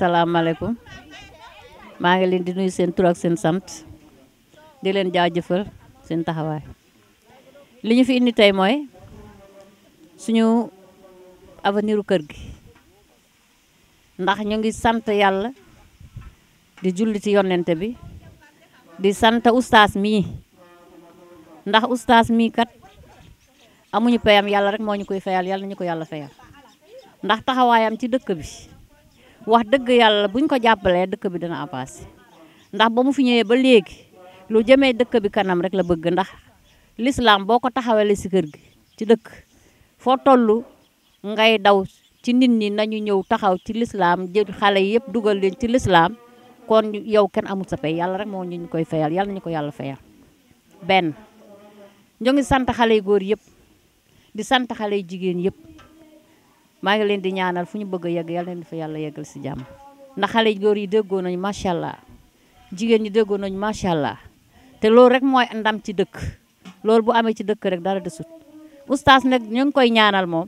salaamaaleykum maa ngi leen di seen tur seen sant di leen jaajëfal seen taxawaay li ñu fi indi tey mooy suñu avenir kër gi ndax ñu ngi sant yàlla di julli ci yonente bi di sant ustaas mii ndax ustaas mii kat amuñu payam yàlla rek moo ñu koy fayal yàlla ñu ko yàlla fayal ndax taxawaayam ci dëkk bi wax dëgg yàlla buñ ko jàppalee dëkk bi dina avancé ndax ba mu fi ñëwee ba léegi lu jëmee dëkk bi kanam rek la bëgg ndax lislaam boo ko taxawalee si kër gi ci dëkk foo toll ngay daw ci nit ñi nañu ñëw taxaw ci lislaam jël xale yëpp dugal leen ci lislaam kon yow kenn amul sa pay yàlla rek moo ñu koy fayal yàlla ñu ko yàlla fayal benn ñoo ngi sant xale yu góor yëpp di sant xale yu jigéen yëpp maa ngi leen di ñaanal fu ñu bëgg a yegg yàlla leen fa yàlla yeggal si jàmm ndax xale góor yi déggoo nañu macha allah jigéen ñi déggoo nañu macha allah te loolu rek mooy ndam ci dëkk loolu bu amee ci dëkk rek dara desut oustaz nag ñu ngi koy ñaanal moom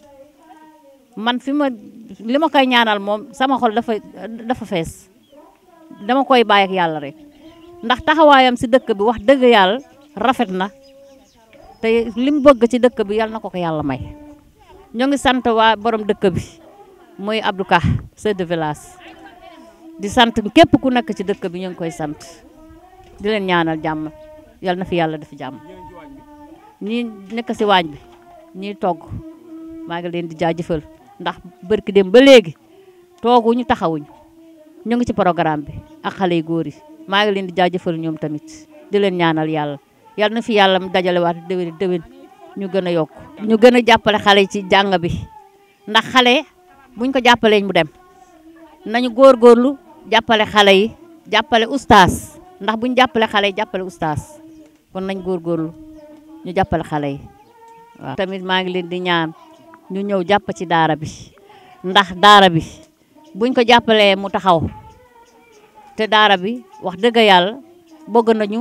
man fi ma li ma koy ñaanal moom sama xol dafa dafa fees dama koy bàyyi yàlla rek ndax taxawaayam si dëkk bi wax dëgg yàlla rafet na te li mu bëgg ci dëkk bi yàlla na ko ko yàlla may. ñoo ngi sant waa borom dëkk bi mooy Abdou Ka chef di sant képp ku nekk ci dëkk bi ñoo ngi koy sant di leen ñaanal jàmm yal na fi yàlla def jàmm ñii nekk si waañ bi ñii togg maa ngi leen di jaajëfal ndax barki dem ba léegi tooguñu taxawuñu ñoo ngi ci programme bi ak xale yu góor yi maa ngi leen di jaajëfal ñoom tamit di leen ñaanal yàlla yal na fi yàlla dajale waat déwén déwén ñu gën a yokk ñu gën a jàppale xale yi ci jàng bi ndax xale buñ ko jàppalee mu dem nañu góor góorlu jàppale xale yi jàppale ustaas ndax buñ jàppale xale yi jàppale ustaas kon nañ góorlu ñu jàppale xale yi waaw. tamit maa ngi leen di ñaan ñu ñëw jàpp ci daara bi ndax daara bi buñ ko jàppalee mu taxaw te daara bi wax dëgg yàlla bëgg nañu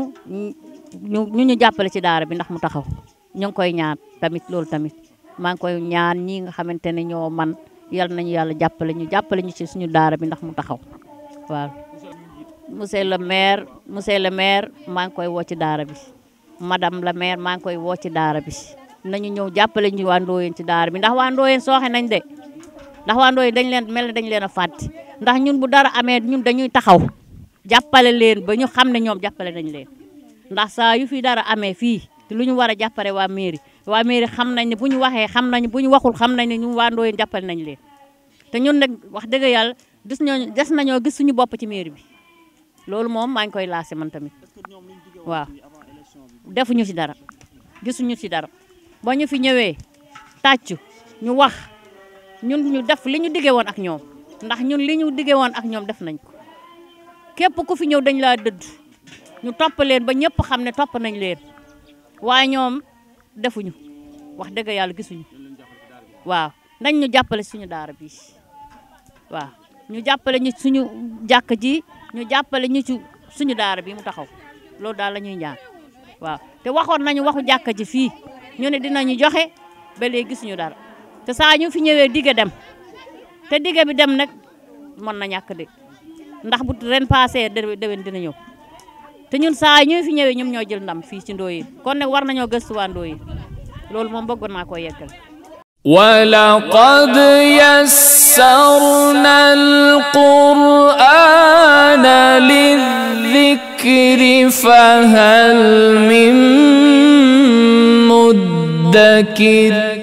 ñu ñu jàppale ci daara bi ndax mu taxaw. ñu ngi koy ñaan tamit loolu tamit maa ngi koy ñaan ñii nga xamante ne ñoo man yal nañu yàlla jàppale ñu jàppale ñu ci suñu daara bi ndax mu taxaw waaw. monsieur le maire monsieur le maire maa ngi koy woo ci daara bi madame la maire maa ngi koy woo ci daara bi nañu ñëw jàppale ñu waa Ndoyeen ci daara bi ndax waa Ndoyeen sooxe nañ de ndax waa Ndoyeen dañ leen mel ne dañ leen a fàtte ndax ñun bu dara amee ñun dañuy taxaw jàppale leen ba ñu xam ne ñoom jàppale nañ leen ndax saa yu dara amee lu ñu war a jàppale waa mairie waa mairie xam nañ ne bu ñu waxee xam nañ bu ñu waxul xam nañ ne ñu waa Ndoyeen jàppale nañ leen te ñun nag wax dëgg yàlla des ñoo des nañoo gis suñu bopp ci mairie bi loolu moom maa ngi koy laase man tamit waaw defuñu ci dara gisuñu ci dara ba ñu fi ñëwee tàccu ñu wax ñun ñu def li ñu diggee woon ak ñoom ndax ñun li ñu diggee woon ak ñoom def nañ ko képp ku fi ñëw dañ laa dëddu ñu topp leen ba ñëpp xam ne topp nañ leen waaye ñoom defuñu wax dëgg yàlla gisuñu waaw nañ ñu jàppale suñu daara bi waaw ñu jàppale ñu suñu jàkk ji ñu jàppale ñu ci suñu daara bi mu taxaw loolu daal la ñuy ñaan waaw te waxoon nañu waxu jàkk ji fii ñu ne dinañu joxe ba léegi gisuñu dara te saa ñu fi ñëwee digge dem te digge bi dem nag mën na ñàkk de ndax bu ren passé déwén dina ñëw te ñun saa ñuy fi ñëwee ñoom ñoo jël ndam fii ci Ndoye kon nag war nañoo gëstu waa Ndoye loolu moom bëggoon naa koo yeggal ولقد يسرنا القرآن للذكر فهل من مدكر